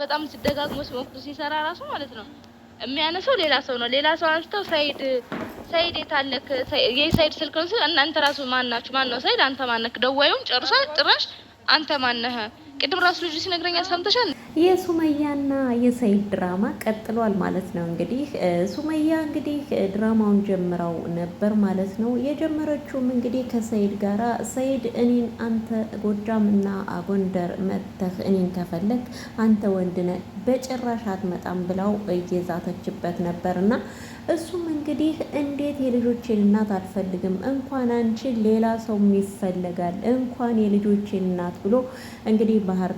በጣም ሲደጋግሞ ሲሞክሩ ሲሰራ ራሱ ማለት ነው የሚያነሳው ሌላ ሰው ነው። ሌላ ሰው አንስተው ሳይድ ሳይድ የታለክ የሳይድ ስልክ ነው ሲል እናንተ ራሱ ማናችሁ? ማን ነው ሳይድ? አንተ ማነክ? ደዋዩም ጨርሷ ጭራሽ አንተ ማነህ? ቅድም ራሱ ልጁ ሲነግረኛ ሰምተሻል። የሱመያና የሰይድ ድራማ ቀጥሏል ማለት ነው። እንግዲህ ሱመያ እንግዲህ ድራማውን ጀምረው ነበር ማለት ነው። የጀመረችውም እንግዲህ ከሰይድ ጋራ ሰይድ እኔን አንተ ጎጃምና ጎንደር መጥተህ እኔን ከፈለግ አንተ ወንድነ በጭራሽ አትመጣም ብላው እየዛተችበት ነበር እና እሱም እንግዲህ እንዴት የልጆቼን እናት አልፈልግም እንኳን አንቺን ሌላ ሰው ይፈለጋል እንኳን የልጆቼን እናት ብሎ እንግዲህ ባህር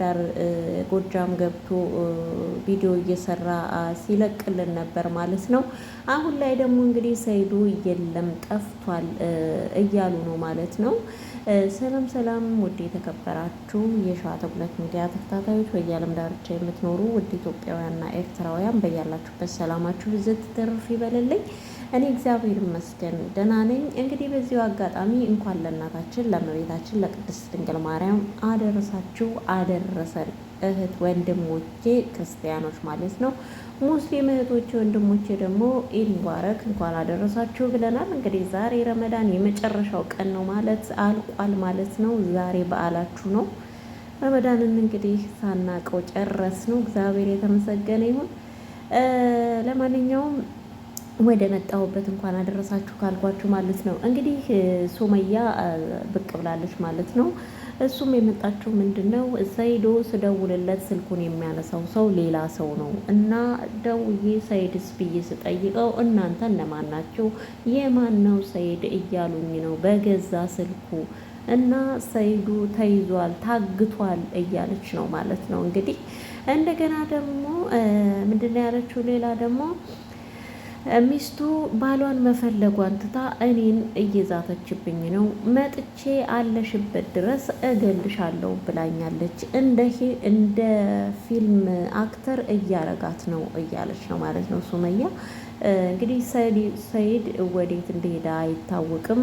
ዳር ጎጃም ገብቶ ቪዲዮ እየሰራ ሲለቅልን ነበር ማለት ነው። አሁን ላይ ደግሞ እንግዲህ ሰይዱ የለም ጠፍቷል እያሉ ነው ማለት ነው። ሰላም ሰላም፣ ውድ የተከበራችሁ የሸዋ ተጉለት ሚዲያ ተከታታዮች፣ በየዓለም ዳርቻ የምትኖሩ ውድ ኢትዮጵያውያንና ኤርትራውያን በያላችሁበት ሰላማችሁ ብዝት ትርፍ ይበልልኝ። እኔ እግዚአብሔር ይመስገን ደህና ነኝ። እንግዲህ በዚሁ አጋጣሚ እንኳን ለእናታችን ለመቤታችን ለቅድስት ድንግል ማርያም አደረሳችሁ አደረሰን። እህት ወንድሞቼ ክርስቲያኖች ማለት ነው። ሙስሊም እህቶች ወንድሞቼ ደግሞ ኢድ ሙባረክ እንኳን አደረሳችሁ ብለናል። እንግዲህ ዛሬ ረመዳን የመጨረሻው ቀን ነው ማለት አልቋል ማለት ነው። ዛሬ በዓላችሁ ነው። ረመዳንን እንግዲህ ሳናቀው ጨረስ ነው። እግዚአብሔር የተመሰገነ ይሁን። ለማንኛውም ወደ መጣሁበት እንኳን አደረሳችሁ ካልኳችሁ ማለት ነው። እንግዲህ ሱመያ ብቅ ብላለች ማለት ነው። እሱም የመጣችው ምንድን ነው ሰይዶ ስደውልለት ስልኩን የሚያነሳው ሰው ሌላ ሰው ነው እና ደውዬ ሰይድስ ብዬ ስጠይቀው እናንተ እነማን ናቸው የማን ነው ሰይድ እያሉኝ ነው በገዛ ስልኩ እና ሰይዱ ተይዟል፣ ታግቷል እያለች ነው ማለት ነው። እንግዲህ እንደገና ደግሞ ምንድን ነው ያለችው ሌላ ደግሞ ሚስቱ ባሏን መፈለጓን ትታ እኔን እየዛተችብኝ ነው፣ መጥቼ አለሽበት ድረስ እገልሻለሁ ብላኛለች። እንደ ፊልም አክተር እያረጋት ነው እያለች ነው ማለት ነው ሱመያ። እንግዲህ ሰይድ ወዴት እንደሄደ አይታወቅም።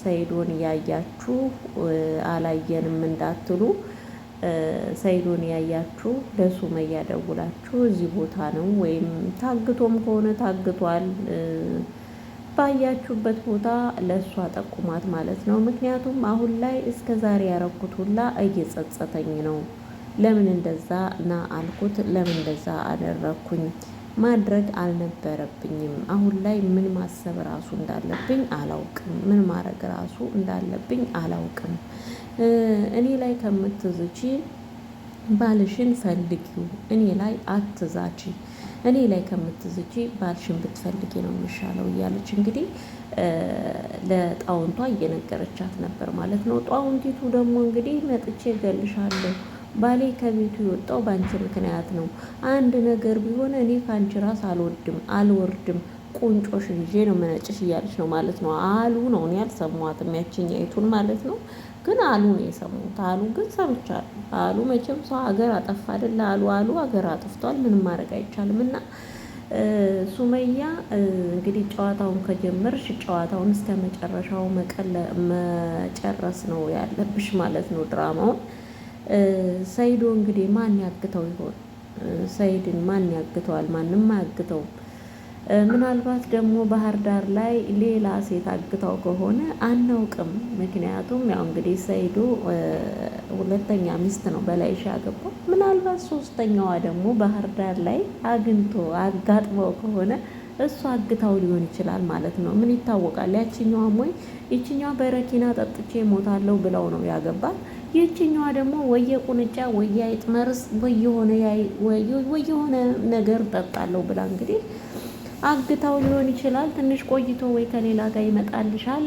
ሰይዶን ያያችሁ አላየንም እንዳትሉ ሰይዶን ያያችሁ ለሱመያ ደውላችሁ እዚህ ቦታ ነው ወይም ታግቶም ከሆነ ታግቷል ባያችሁበት ቦታ ለእሷ ጠቁማት ማለት ነው። ምክንያቱም አሁን ላይ እስከ ዛሬ ያረኩት ሁላ እየጸጸተኝ ነው። ለምን እንደዛ ና አልኩት፣ ለምን እንደዛ አደረግኩኝ ማድረግ አልነበረብኝም። አሁን ላይ ምን ማሰብ ራሱ እንዳለብኝ አላውቅም። ምን ማድረግ ራሱ እንዳለብኝ አላውቅም። እኔ ላይ ከምትዝቺ ባልሽን ፈልጊው፣ እኔ ላይ አትዛቺ። እኔ ላይ ከምትዝቺ ባልሽን ብትፈልጊ ነው የሚሻለው እያለች እንግዲህ ለጣውንቷ እየነገረቻት ነበር ማለት ነው። ጣውንቲቱ ደግሞ እንግዲህ መጥቼ እገልሻለሁ ባሌ ከቤቱ የወጣው በአንቺ ምክንያት ነው። አንድ ነገር ቢሆን እኔ ከአንቺ ራስ አልወድም አልወርድም ቁንጮሽ ይዤ ነው መነጭሽ እያለች ነው ማለት ነው አሉ ነው። እኔ አልሰማኋትም ያችኛይቱን ማለት ነው፣ ግን አሉ ነው የሰሙት። አሉ ግን ሰምቻለሁ። አሉ መቼም ሰው ሀገር አጠፋ አይደለ? አሉ አሉ ሀገር አጥፍቷል። ምንም ማድረግ አይቻልም እና ሱመያ እንግዲህ ጨዋታውን ከጀመርሽ ጨዋታውን እስከ መጨረሻው መጨረስ ነው ያለብሽ ማለት ነው ድራማውን ሰይዶ እንግዲህ ማን ያግተው ይሆን? ሰይድን ማን ያግተዋል? ማንም አያግተውም። ምናልባት ደግሞ ባህር ዳር ላይ ሌላ ሴት አግተው ከሆነ አናውቅም። ምክንያቱም ያው እንግዲህ ሰይዶ ሁለተኛ ሚስት ነው በላይሽ ያገባው። ምናልባት ሶስተኛዋ ደግሞ ባህር ዳር ላይ አግኝቶ አጋጥመው ከሆነ እሱ አግታው ሊሆን ይችላል ማለት ነው። ምን ይታወቃል? ያችኛዋ ሞኝ ይችኛዋ በረኪና ጠጥቼ ሞታለሁ ብለው ነው ያገባት። ይችኛዋ ደግሞ ወየ ቁንጫ ወየ አይጥ መርስ ሆነ ነገር ጠጣለሁ ብላ እንግዲህ አግታው ሊሆን ይችላል። ትንሽ ቆይቶ ወይ ከሌላ ጋር ይመጣልሻል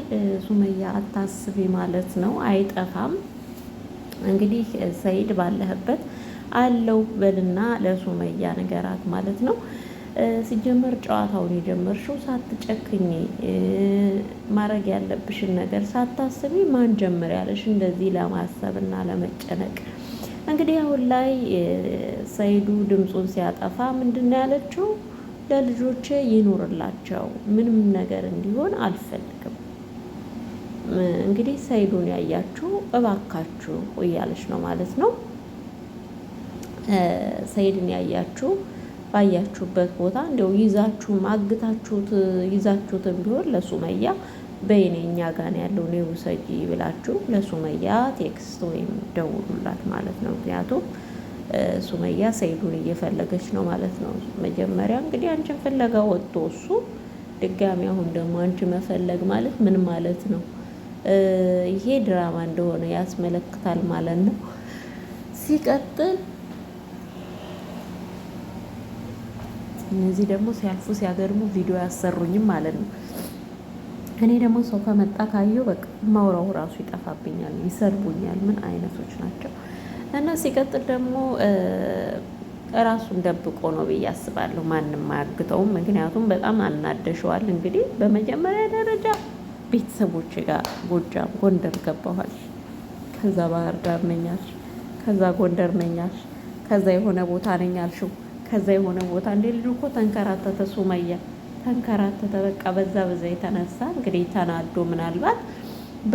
ሱመያ አታስቢ ማለት ነው። አይጠፋም እንግዲህ ሰይድ ባለህበት አለው በልና ለሱመያ ነገራት ማለት ነው። ሲጀመር ጨዋታውን የጀመርሽው ሳትጨክኝ ማድረግ ያለብሽን ነገር ሳታስቢ ማን ጀምር ያለሽ እንደዚህ ለማሰብ እና ለመጨነቅ እንግዲህ አሁን ላይ ሰይዱ ድምፁን ሲያጠፋ ምንድን ነው ያለችው? ለልጆቼ ይኑርላቸው፣ ምንም ነገር እንዲሆን አልፈልግም። እንግዲህ ሰይዱን ያያችሁ እባካችሁ እያለች ነው ማለት ነው። ሰይድን ያያችሁ ባያችሁበት ቦታ እንዲያው ይዛችሁ አግታችሁት ይዛችሁትም ቢሆን ለሱመያ በይኔ እኛ ጋን ያለው እኔ ውሰጂ ብላችሁ ለሱመያ ቴክስት ወይም ደውሉላት ማለት ነው። ምክንያቱም ሱመያ ሰይዱን እየፈለገች ነው ማለት ነው። መጀመሪያ እንግዲህ አንቺን ፍለጋ ወጥቶ እሱ ድጋሚ አሁን ደግሞ አንቺ መፈለግ ማለት ምን ማለት ነው? ይሄ ድራማ እንደሆነ ያስመለክታል ማለት ነው። ሲቀጥል እነዚህ ደግሞ ሲያልፉ ሲያገርሙ ቪዲዮ ያሰሩኝም ማለት ነው። እኔ ደግሞ ሰው ከመጣ ካየሁ በቃ ማውራው ራሱ ይጠፋብኛል፣ ይሰርቡኛል። ምን አይነቶች ናቸው? እና ሲቀጥል ደግሞ ራሱን ደብቆ ነው ብዬ አስባለሁ። ማንም አያግተውም፣ ምክንያቱም በጣም አናደሸዋል። እንግዲህ በመጀመሪያ ደረጃ ቤተሰቦች ጋር ጎጃም፣ ጎንደር ገባኋል። ከዛ ባህር ዳር ነኛች፣ ከዛ ጎንደር ነኛች፣ ከዛ የሆነ ቦታ ነኛልሽው ከዛ የሆነ ቦታ እንደ ልጁ እኮ ተንከራተተ፣ ሱመያ ተንከራተተ። በቃ በዛ በዛ የተነሳ እንግዲህ ተናዶ ምናልባት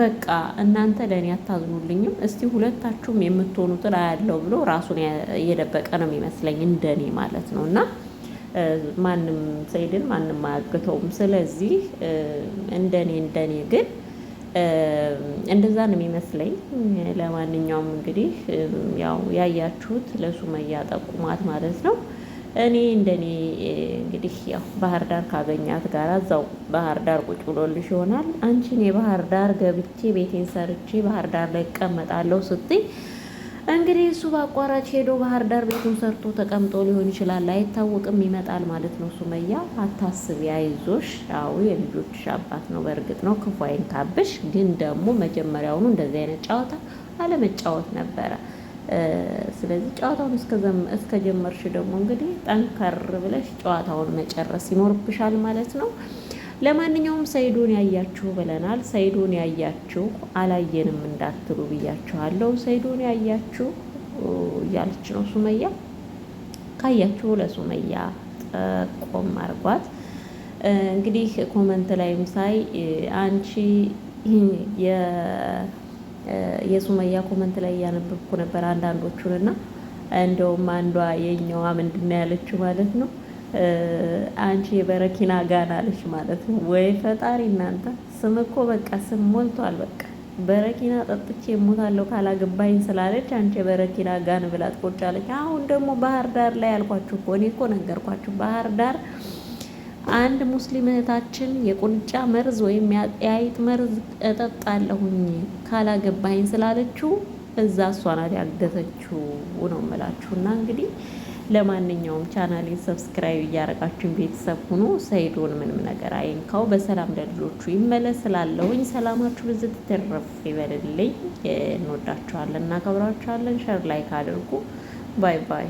በቃ እናንተ ለእኔ አታዝኑልኝም፣ እስቲ ሁለታችሁም የምትሆኑትን አያለው ብሎ ራሱን የደበቀ ነው የሚመስለኝ እንደኔ ማለት ነው። እና ማንም ሰይድን ማንም አያግተውም። ስለዚህ እንደኔ እንደኔ ግን እንደዛ ነው የሚመስለኝ። ለማንኛውም እንግዲህ ያው ያያችሁት ለሱመያ ጠቁማት ማለት ነው። እኔ እንደኔ እንግዲህ ያው ባህር ዳር ካገኛት ጋር እዛው ባህር ዳር ቁጭ ብሎልሽ ይሆናል። አንቺ እኔ ባህር ዳር ገብቼ ቤቴን ሰርቼ ባህር ዳር ላይ እቀመጣለሁ ስትይ እንግዲህ እሱ በአቋራጭ ሄዶ ባህር ዳር ቤቱን ሰርቶ ተቀምጦ ሊሆን ይችላል፣ አይታወቅም። ይመጣል ማለት ነው። ሱመያ አታስቢ፣ አይዞሽ። አዎ የልጆችሽ አባት ነው፣ በእርግጥ ነው ክፉ አይንካብሽ። ግን ደግሞ መጀመሪያውኑ እንደዚህ አይነት ጨዋታ አለመጫወት ነበረ። ስለዚህ ጨዋታውን እስከጀመርሽ ደግሞ እንግዲህ ጠንከር ብለሽ ጨዋታውን መጨረስ ይኖርብሻል ማለት ነው። ለማንኛውም ሰይዱን ያያችሁ ብለናል። ሰይዱን ያያችሁ አላየንም እንዳትሉ ብያችኋለሁ። ሰይዱን ያያችሁ እያለች ነው ሱመያ። ካያችሁ ለሱመያ ጠቆም አርጓት። እንግዲህ ኮመንት ላይም ሳይ አንቺ የሱመያ ኮመንት ላይ እያነበብኩ ነበር አንዳንዶቹን እና እንደውም አንዷ የኛዋ ምንድን ነው ያለችው ማለት ነው አንቺ የበረኪና ጋን አለች ማለት ነው። ወይ ፈጣሪ እናንተ ስም እኮ በቃ ስም ሞልቷል። በቃ በረኪና ጠጥቼ እሞታለሁ ካላገባኝ ስላለች አንቺ የበረኪና ጋን ብላ ትቆጫለች። አሁን ደግሞ ባህር ዳር ላይ ያልኳችሁ እኮ እኔ እኮ ነገርኳችሁ ባህር ዳር አንድ ሙስሊም እህታችን የቁንጫ መርዝ ወይም የአይጥ መርዝ እጠጣለሁኝ ካላገባኝ ስላለችው እዛ እሷ ናት ያገተችው ነው የምላችሁ። እና እንግዲህ ለማንኛውም ቻናሌን ሰብስክራይብ እያደረጋችሁን ቤተሰብ ሁኑ። ሰይዶን ምንም ነገር አይንካው፣ በሰላም ለልጆቹ ይመለስ ስላለሁኝ ሰላማችሁ ብዝት ትትረፍ ይበልልኝ። እንወዳችኋለን፣ እናከብራችኋለን። ሸር ላይክ አድርጉ። ባይ ባይ።